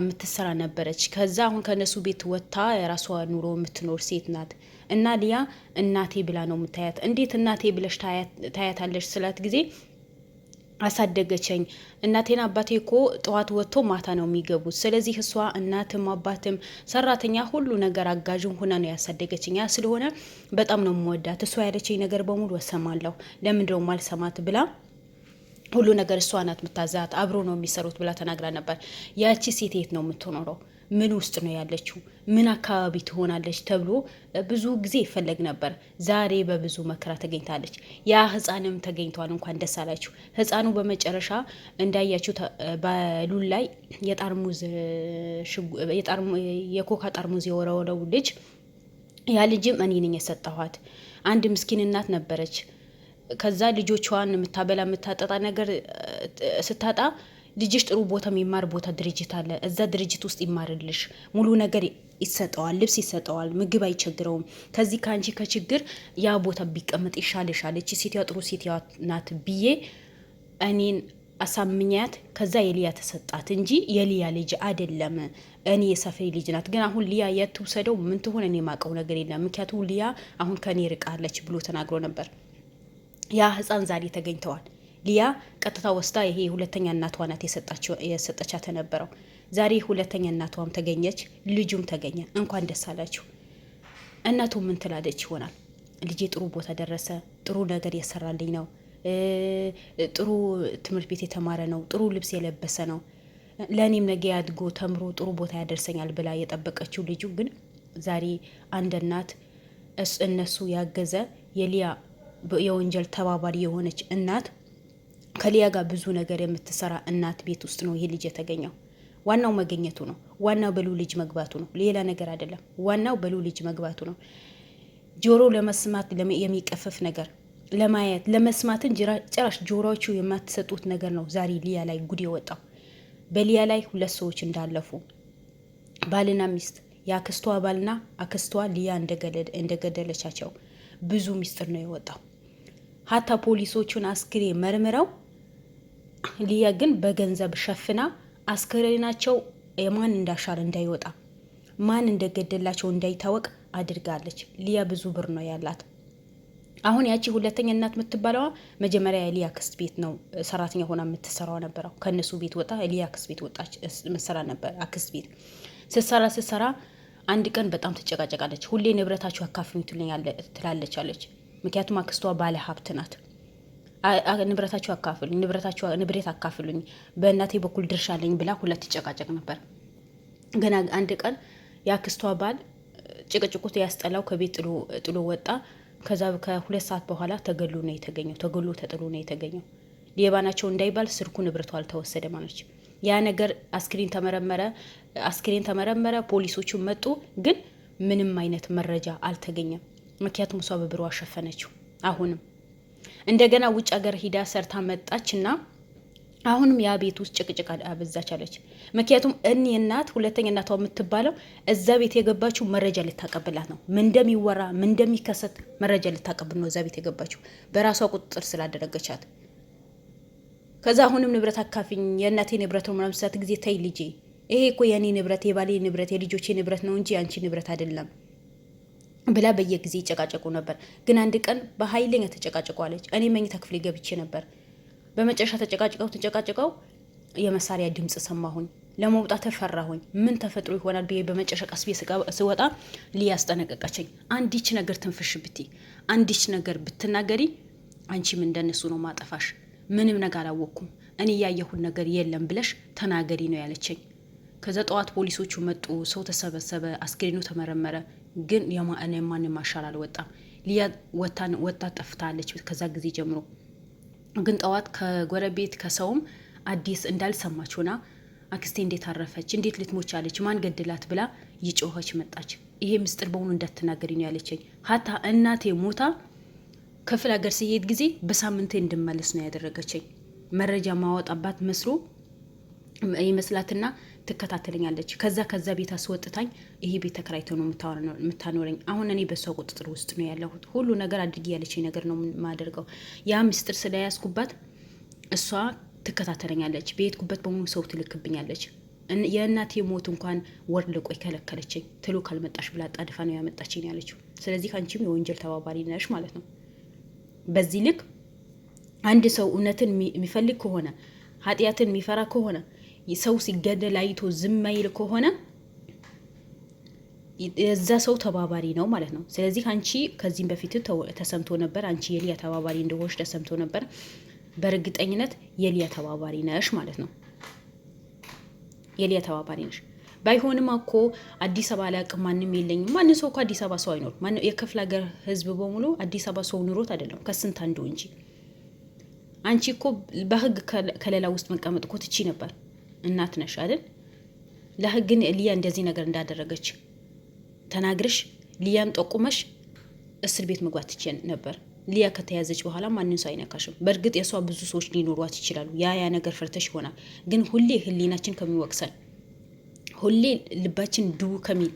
የምትሰራ ነበረች። ከዛ አሁን ከነሱ ቤት ወጥታ የራሷ ኑሮ የምትኖር ሴት ናት እና ሊያ እናቴ ብላ ነው የምታያት። እንዴት እናቴ ብለሽ ታያታለሽ ስላት ጊዜ አሳደገችኝ። እናቴና አባቴ እኮ ጠዋት ወጥቶ ማታ ነው የሚገቡት። ስለዚህ እሷ እናትም አባትም ሰራተኛ፣ ሁሉ ነገር አጋዥም ሆና ነው ያሳደገችኝ። ያ ስለሆነ በጣም ነው የምወዳት። እሷ ያለችኝ ነገር በሙሉ እሰማለሁ። ለምንድነው ማልሰማት ብላ ሁሉ ነገር እሷ ናት የምታዛት፣ አብሮ ነው የሚሰሩት ብላ ተናግራ ነበር። ያቺ ሴት የት ነው የምትኖረው? ምን ውስጥ ነው ያለችው? ምን አካባቢ ትሆናለች ተብሎ ብዙ ጊዜ ይፈለግ ነበር። ዛሬ በብዙ መከራ ተገኝታለች። ያ ህፃንም ተገኝተዋል። እንኳን ደስ አላችሁ። ህፃኑ በመጨረሻ እንዳያችሁ በሉል ላይ የኮካ ጠርሙዝ የወረወረው ልጅ ያ ልጅም እኔ ነኝ የሰጠኋት አንድ ምስኪን እናት ነበረች ከዛ ልጆቿን የምታበላ የምታጠጣ ነገር ስታጣ ልጅሽ ጥሩ ቦታ የሚማር ቦታ ድርጅት አለ። እዛ ድርጅት ውስጥ ይማርልሽ፣ ሙሉ ነገር ይሰጠዋል፣ ልብስ ይሰጠዋል፣ ምግብ አይቸግረውም። ከዚህ ከአንቺ ከችግር ያ ቦታ ቢቀመጥ ይሻልሻል፣ እቺ ሴትዮዋ ጥሩ ሴትዮዋ ናት ብዬ እኔን አሳምኛት። ከዛ የልያ ተሰጣት እንጂ የልያ ልጅ አይደለም። እኔ የሰፈሪ ልጅ ናት። ግን አሁን ልያ የት ውሰደው ምን ትሆን? እኔ የማውቀው ነገር የለም። ምክንያቱም ልያ አሁን ከእኔ ርቃለች ብሎ ተናግሮ ነበር። ያ ህፃን ዛሬ ተገኝተዋል። ሊያ ቀጥታ ወስዳ ይሄ ሁለተኛ እናቷ ናት የሰጠቻት የነበረው። ዛሬ ሁለተኛ እናቷም ተገኘች፣ ልጁም ተገኘ። እንኳን ደስ አላችሁ። እናቱ ምን ትላለች ይሆናል? ልጄ ጥሩ ቦታ ደረሰ፣ ጥሩ ነገር የሰራልኝ ነው፣ ጥሩ ትምህርት ቤት የተማረ ነው፣ ጥሩ ልብስ የለበሰ ነው፣ ለእኔም ነገ ያድጎ ተምሮ ጥሩ ቦታ ያደርሰኛል ብላ የጠበቀችው ልጁ ግን ዛሬ አንድ እናት እነሱ ያገዘ የሊያ የወንጀል ተባባሪ የሆነች እናት ከሊያ ጋር ብዙ ነገር የምትሰራ እናት ቤት ውስጥ ነው ይሄ ልጅ የተገኘው። ዋናው መገኘቱ ነው። ዋናው በሉ ልጅ መግባቱ ነው። ሌላ ነገር አይደለም። ዋናው በሉ ልጅ መግባቱ ነው። ጆሮ ለመስማት የሚቀፍፍ ነገር ለማየት ለመስማትን ጭራሽ ጆሮዎቹ የማትሰጡት ነገር ነው። ዛሬ ሊያ ላይ ጉድ የወጣው በሊያ ላይ ሁለት ሰዎች እንዳለፉ ባልና ሚስት የአክስቷ ባልና አክስቷ ሊያ እንደገደለቻቸው ብዙ ሚስጥር ነው የወጣው። ሀታ ፖሊሶቹን አስክሬ መርምረው ሊያ ግን በገንዘብ ሸፍና አስክሬናቸው የማን እንዳሻር እንዳይወጣ ማን እንደገደላቸው እንዳይታወቅ አድርጋለች። ሊያ ብዙ ብር ነው ያላት። አሁን ያቺ ሁለተኛ እናት የምትባለዋ መጀመሪያ የሊያ ክስት ቤት ነው ሰራተኛ ሆና የምትሰራው ነበረው። ከእነሱ ቤት ወጣ ሊያ ክስት ቤት ወጣች መሰራ ነበር አክስት ቤት ስትሰራ ስትሰራ አንድ ቀን በጣም ትጨቃጨቃለች። ሁሌ ንብረታችሁ አካፍኙ ትላለች አለች ምክንያቱም አክስቷ ባለ ሀብት ናት። ንብረታቸው አካፍሉኝ፣ ንብረት አካፍሉኝ፣ በእናቴ በኩል ድርሻ አለኝ ብላ ሁለት ይጨቃጨቅ ነበር። ገና አንድ ቀን የአክስቷ ባል ጭቅጭቁት ያስጠላው ከቤት ጥሎ ወጣ። ከዛ ከሁለት ሰዓት በኋላ ተገሎ ነው የተገኘው። ተገሎ ተጥሎ ነው የተገኘው። ሌባ ናቸው እንዳይባል ስልኩ ንብረቷ አልተወሰደ ማለች። ያ ነገር አስክሬን ተመረመረ። አስክሬን ተመረመረ፣ ፖሊሶቹ መጡ፣ ግን ምንም አይነት መረጃ አልተገኘም። ምክንያቱም እሷ በብሩ አሸፈነችው። አሁንም እንደገና ውጭ ሀገር ሂዳ ሰርታ መጣች እና አሁንም ያ ቤት ውስጥ ጭቅጭቅ አበዛች አለች። ምክንያቱም እኔ እናት ሁለተኛ እናቷ የምትባለው እዛ ቤት የገባችው መረጃ ልታቀብላት ነው። ምን እንደሚወራ ምን እንደሚከሰት መረጃ ልታቀብል ነው እዛ ቤት የገባችው በራሷ ቁጥጥር ስላደረገቻት። ከዛ አሁንም ንብረት አካፍኝ የእናቴ ንብረት ነው ምናምን ስላት ጊዜ ተይ ልጄ፣ ይሄ እኮ የእኔ ንብረት የባሌ ንብረት የልጆቼ ንብረት ነው እንጂ አንቺ ንብረት አይደለም ብላ በየጊዜ ይጨቃጨቁ ነበር። ግን አንድ ቀን በኃይለኛ ተጨቃጭቋለች። እኔ መኝታ ክፍሌ ገብቼ ነበር። በመጨረሻ ተጨቃጭቀው ተጨቃጭቀው የመሳሪያ ድምፅ ሰማሁኝ። ለመውጣት ተፈራሁኝ። ምን ተፈጥሮ ይሆናል ብዬ በመጨረሻ ቀስ ብዬ ስወጣ ሊያስጠነቀቀችኝ፣ አንዲች ነገር ትንፍሽ ብቲ፣ አንዲች ነገር ብትናገሪ አንቺም እንደነሱ ነው ማጠፋሽ። ምንም ነገር አላወቅኩም እኔ ያየሁን ነገር የለም ብለሽ ተናገሪ ነው ያለችኝ። ከዛ ጠዋት ፖሊሶቹ መጡ። ሰው ተሰበሰበ። አስክሬኑ ተመረመረ። ግን የማእነ የማንም ማሻል አልወጣም። ሊያ ወታን ወታ ጠፍታለች። ከዛ ጊዜ ጀምሮ ግን ጠዋት ከጎረቤት ከሰውም አዲስ እንዳልሰማችሁና አክስቴ እንዴት አረፈች? እንዴት ልትሞች አለች? ማን ገድላት? ብላ ይጮኸች መጣች። ይሄ ምስጢር በሆኑ እንዳትናገሪ ነው ያለችኝ። ሀታ እናቴ ሞታ ክፍለ ሀገር ስሄድ ጊዜ በሳምንቴ እንድመለስ ነው ያደረገችኝ። መረጃ ማወጣባት መስሎ ይመስላትና ትከታተለኛለች። ከዛ ከዛ ቤት አስወጥታኝ ይሄ ቤት ተከራይቶ ነው የምታኖረኝ። አሁን እኔ በእሷ ቁጥጥር ውስጥ ነው ያለሁት። ሁሉ ነገር አድርጊ ያለች ነገር ነው የማደርገው። ያ ምስጢር ስለያዝኩባት እሷ ትከታተለኛለች። በሄድኩበት በሙሉ ሰው ትልክብኛለች። የእናቴ ሞት እንኳን ወር ልቆይ ከለከለችኝ። ትሎ ካልመጣሽ ብላ ጣድፋ ነው ያመጣችኝ ያለችው። ስለዚህ ከአንቺም የወንጀል ተባባሪ ነሽ ማለት ነው። በዚህ ልክ አንድ ሰው እውነትን የሚፈልግ ከሆነ ኃጢአትን የሚፈራ ከሆነ ሰው ሲገደል አይቶ ዝም አይል ከሆነ የዛ ሰው ተባባሪ ነው ማለት ነው። ስለዚህ አንቺ ከዚህም በፊት ተሰምቶ ነበር፣ አንቺ የሊያ ተባባሪ እንደሆንሽ ተሰምቶ ነበር። በእርግጠኝነት የሊያ ተባባሪ ነሽ ማለት ነው። የሊያ ተባባሪ ነሽ። ባይሆንም እኮ አዲስ አበባ አላውቅም፣ ማንም የለኝም። ማንም ሰው እኮ አዲስ አበባ ሰው አይኖር። የክፍለ ሀገር ህዝብ በሙሉ አዲስ አበባ ሰው ኑሮት አይደለም፣ ከስንት አንዱ እንጂ። አንቺ እኮ በህግ ከለላ ውስጥ መቀመጥ እኮ ትቺ ነበር። እናት ነሽ አይደል? ለህግን ሊያ እንደዚህ ነገር እንዳደረገች ተናግርሽ ሊያን ጠቁመሽ እስር ቤት መግባት ትችል ነበር። ሊያ ከተያዘች በኋላ ማንም ሰው አይነካሽም። በእርግጥ የእሷ ብዙ ሰዎች ሊኖሯት ይችላሉ። ያ ያ ነገር ፈርተሽ ይሆናል። ግን ሁሌ ህሊናችን ከሚወቅሰን፣ ሁሌ ልባችን ድው ከሚል፣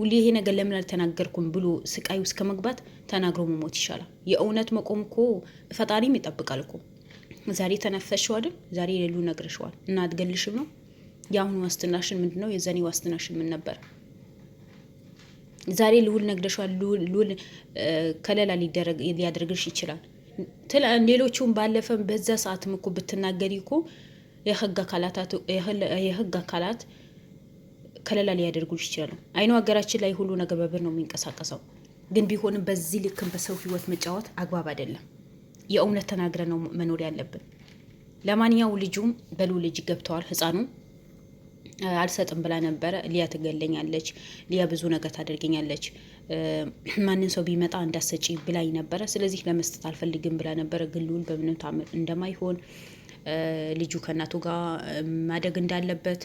ሁሌ ይሄ ነገር ለምን አልተናገርኩም ብሎ ስቃይ ውስጥ ከመግባት ተናግሮ መሞት ይሻላል። የእውነት መቆም እኮ ፈጣሪም ይጠብቃል እኮ ዛሬ ተነፈስሽው አይደል? ዛሬ ሌሉ ነግረሽዋል እና አትገልሽም ነው የአሁኑ ዋስትናሽን ምንድን ነው? የዛኔ ዋስትናሽን ምን ነበር? ዛሬ ልውል ነግደሽዋል። ልውል ከለላ ሊያደርግሽ ይችላል። ሌሎቹን ባለፈም በዛ ሰዓትም እኮ ብትናገሪ እኮ የህግ አካላት ከለላ ሊያደርጉሽ ይችላሉ። አይነው ሀገራችን ላይ ሁሉ ነገር በብር ነው የሚንቀሳቀሰው። ግን ቢሆንም በዚህ ልክም በሰው ህይወት መጫወት አግባብ አይደለም። የእውነት ተናግረ ነው መኖር ያለብን። ለማንኛው ልጁም በሉ ልጅ ገብተዋል። ህፃኑ አልሰጥም ብላ ነበረ። ሊያ ትገለኛለች፣ ሊያ ብዙ ነገር ታደርገኛለች፣ ማንም ሰው ቢመጣ እንዳሰጪ ብላኝ ነበረ። ስለዚህ ለመስጠት አልፈልግም ብላ ነበረ። ግሉን በምንም ታምር እንደማይሆን ልጁ ከእናቱ ጋር ማደግ እንዳለበት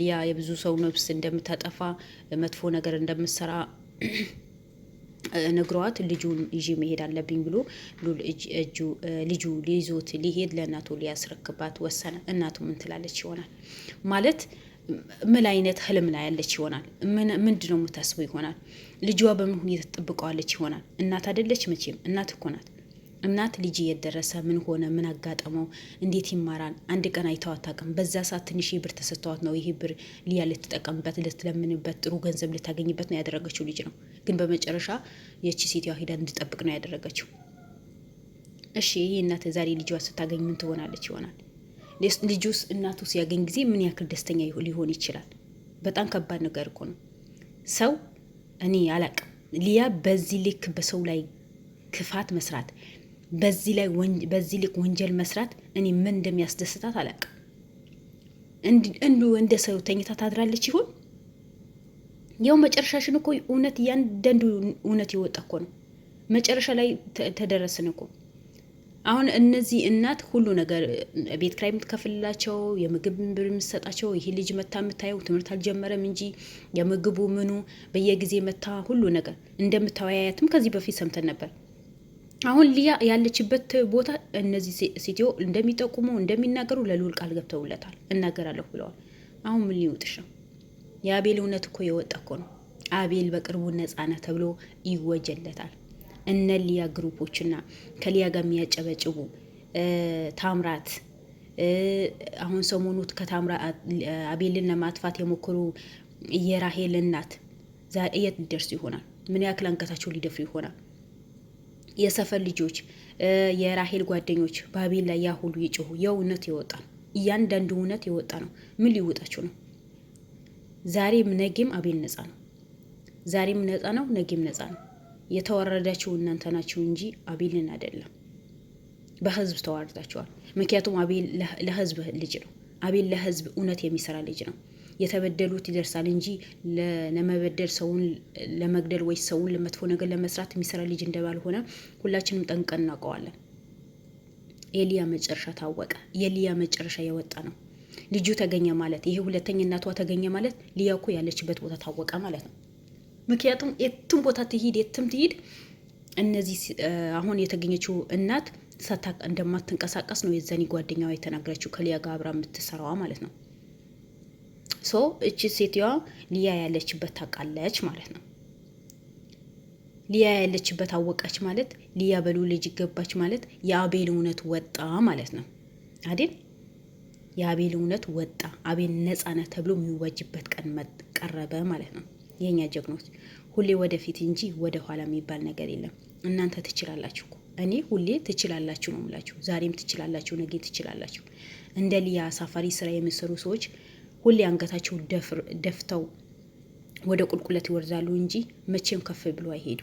ሊያ የብዙ ሰው ነፍስ እንደምታጠፋ መጥፎ ነገር እንደምትሰራ ነግሯት ልጁን ይዤ መሄድ አለብኝ ብሎ ልጁ ሊይዞት ሊሄድ ለእናቱ ሊያስረክባት ወሰነ። እናቱ ምን ትላለች ይሆናል ማለት ምን አይነት ህልም ላይ ያለች ይሆናል? ምንድነው የምታስበው ይሆናል? ልጇ በምን ሁኔታ ትጠብቀዋለች ይሆናል? እናት አደለች መቼም፣ እናት እኮ ናት። እናት ልጅ የደረሰ ምን ሆነ ምን አጋጠመው እንዴት ይማራል? አንድ ቀን አይተው አታውቅም። በዛ ሰዓት ትንሽ ብር ተሰጥተዋት ነው ይሄ ብር ሊያ ልትጠቀምበት ልትለምንበት ጥሩ ገንዘብ ልታገኝበት ነው ያደረገችው ልጅ ነው። ግን በመጨረሻ የቺ ሴትዮዋ ሂዳ እንድጠብቅ ነው ያደረገችው። እሺ ይህ እናት ዛሬ ልጅዋ ስታገኝ ምን ትሆናለች ይሆናል? ልጁስ እናቱ ሲያገኝ ጊዜ ምን ያክል ደስተኛ ሊሆን ይችላል? በጣም ከባድ ነገር እኮ ነው። ሰው እኔ አላቅም ሊያ በዚህ ልክ በሰው ላይ ክፋት መስራት በዚህ ላይ በዚህ ልክ ወንጀል መስራት እኔ ምን እንደሚያስደስታት አላውቅም። እንዱ እንደ ሰው ተኝታ ታድራለች ይሆን? ያው መጨረሻሽን እኮ እውነት እያንዳንዱ እውነት የወጣ እኮ ነው። መጨረሻ ላይ ተደረስን እኮ አሁን እነዚህ እናት ሁሉ ነገር ቤት ክራይ የምትከፍልላቸው የምግብ ብር የምትሰጣቸው ይሄ ልጅ መታ የምታየው ትምህርት አልጀመረም እንጂ የምግቡ ምኑ በየጊዜ መታ ሁሉ ነገር እንደምታወያያትም ከዚህ በፊት ሰምተን ነበር። አሁን ሊያ ያለችበት ቦታ እነዚህ ሴትዮ እንደሚጠቁሙ እንደሚናገሩ ለልዑል ቃል ገብተውለታል። እናገራለሁ ብለዋል። አሁን ምን ሊውጥሽ ነው? የአቤል እውነት እኮ የወጣ እኮ ነው። አቤል በቅርቡ ነጻነ ተብሎ ይወጀለታል። እነ ሊያ ግሩፖችና ከሊያ ጋር የሚያጨበጭቡ ታምራት አሁን ሰሞኑት ከታምራ አቤልን ለማጥፋት የሞከሩ የራሄል እናት ዛሬ የት ሊደርሱ ይሆናል? ምን ያክል አንገታቸው ሊደፍሩ ይሆናል? የሰፈር ልጆች፣ የራሄል ጓደኞች ባቢል ላይ ያ ሁሉ ይጮሁ። የእውነት የወጣ ነው። እያንዳንዱ እውነት የወጣ ነው። ምን ሊወጣችሁ ነው? ዛሬም ነጌም አቤል ነጻ ነው። ዛሬም ነጻ ነው፣ ነጌም ነጻ ነው። የተዋረዳችሁ እናንተ ናችሁ እንጂ አቤልን አይደለም። በህዝብ ተዋርዳችኋል። ምክንያቱም አቤል ለህዝብ ልጅ ነው። አቤል ለህዝብ እውነት የሚሰራ ልጅ ነው። የተበደሉት ይደርሳል እንጂ ለመበደል ሰውን ለመግደል ወይ ሰውን ለመጥፎ ነገር ለመስራት የሚሰራ ልጅ እንደባልሆነ ሁላችንም ጠንቀን እናውቀዋለን። የሊያ መጨረሻ ታወቀ። የሊያ መጨረሻ የወጣ ነው። ልጁ ተገኘ ማለት ይሄ ሁለተኛ እናቷ ተገኘ ማለት ሊያ እኮ ያለችበት ቦታ ታወቀ ማለት ነው። ምክንያቱም የትም ቦታ ትሂድ የትም ትሂድ እነዚህ አሁን የተገኘችው እናት ሳታ እንደማትንቀሳቀስ ነው የዛኔ ጓደኛዋ የተናገረችው ከሊያ ጋር አብራ የምትሰራዋ ማለት ነው። ሶ እቺ ሴትዮዋ ሊያ ያለችበት ታውቃለች ማለት ነው። ሊያ ያለችበት አወቀች ማለት ሊያ በሉ ልጅ ገባች ማለት የአቤል እውነት ወጣ ማለት ነው አይደል? የአቤል እውነት ወጣ። አቤል ነጻነ ተብሎ የሚወጅበት ቀን ቀረበ ማለት ነው። የእኛ ጀግኖች ሁሌ ወደፊት እንጂ ወደ ኋላ የሚባል ነገር የለም። እናንተ ትችላላችሁ። እኔ ሁሌ ትችላላችሁ ነው የምላችሁ። ዛሬም ትችላላችሁ፣ ነገ ትችላላችሁ። እንደ ሊያ አሳፋሪ ስራ የሚሰሩ ሰዎች ሁሌ አንገታቸው ደፍተው ወደ ቁልቁለት ይወርዳሉ እንጂ መቼም ከፍ ብሎ አይሄዱ።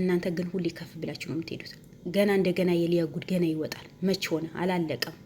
እናንተ ግን ሁሌ ከፍ ብላችሁ ነው የምትሄዱት። ገና እንደገና የሊያ ጉድ ገና ይወጣል። መች ሆነ አላለቀም።